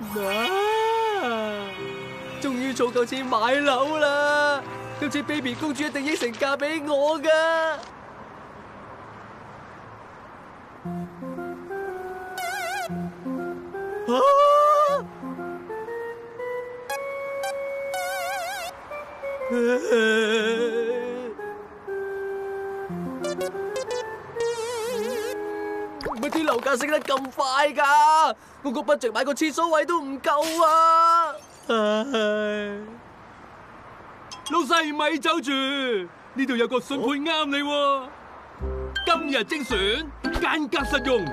啊！終於儲夠錢買樓啦，到時 Baby 公主一定應承嫁俾我噶。啊！乜啲樓價升得咁快噶？我個 budget 買個廁所位都唔夠啊，唉！老細咪走住，呢度有個筍盤啱你。今日精選，間隔實用，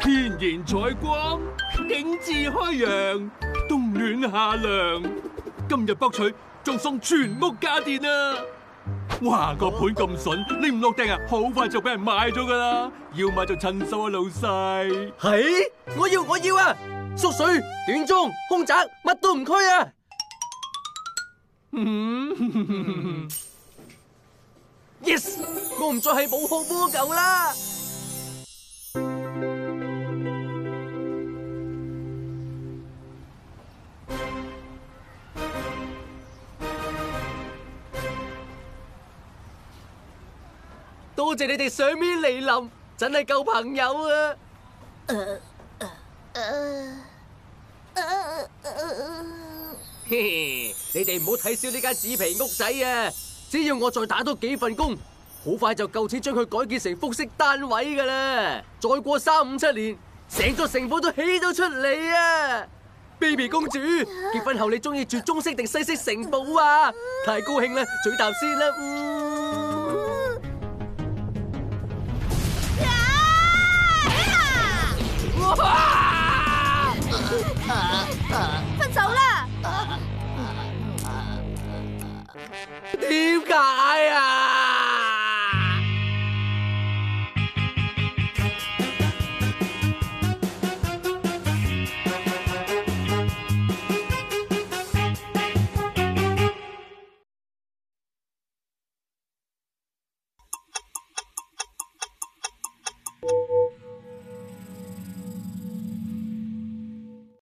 天然採光，景致開揚，冬暖夏涼。今日博取仲送全屋家電啊！哇，個盤咁笋，你唔落定啊，好快就俾人買咗噶啦！要買就趁手啊，老細。係，我要我要啊，縮水、短裝、空宅，乜都唔拘啊。嗯 y e s, yes, 我唔再係無殼蝸牛啦。多謝你哋賞面嚟臨，真係夠朋友啊！嘻嘻，你哋唔好睇小呢間紙皮屋仔啊！只要我再打多幾份工，好快就夠錢將佢改建成複式單位噶啦！再過三五七年，成座城堡都起咗出嚟啊！Baby 公主，結婚後你中意住中式定西式城堡啊？太高興啦，嘴淡先啦。啊啊，分手啦？點解啊？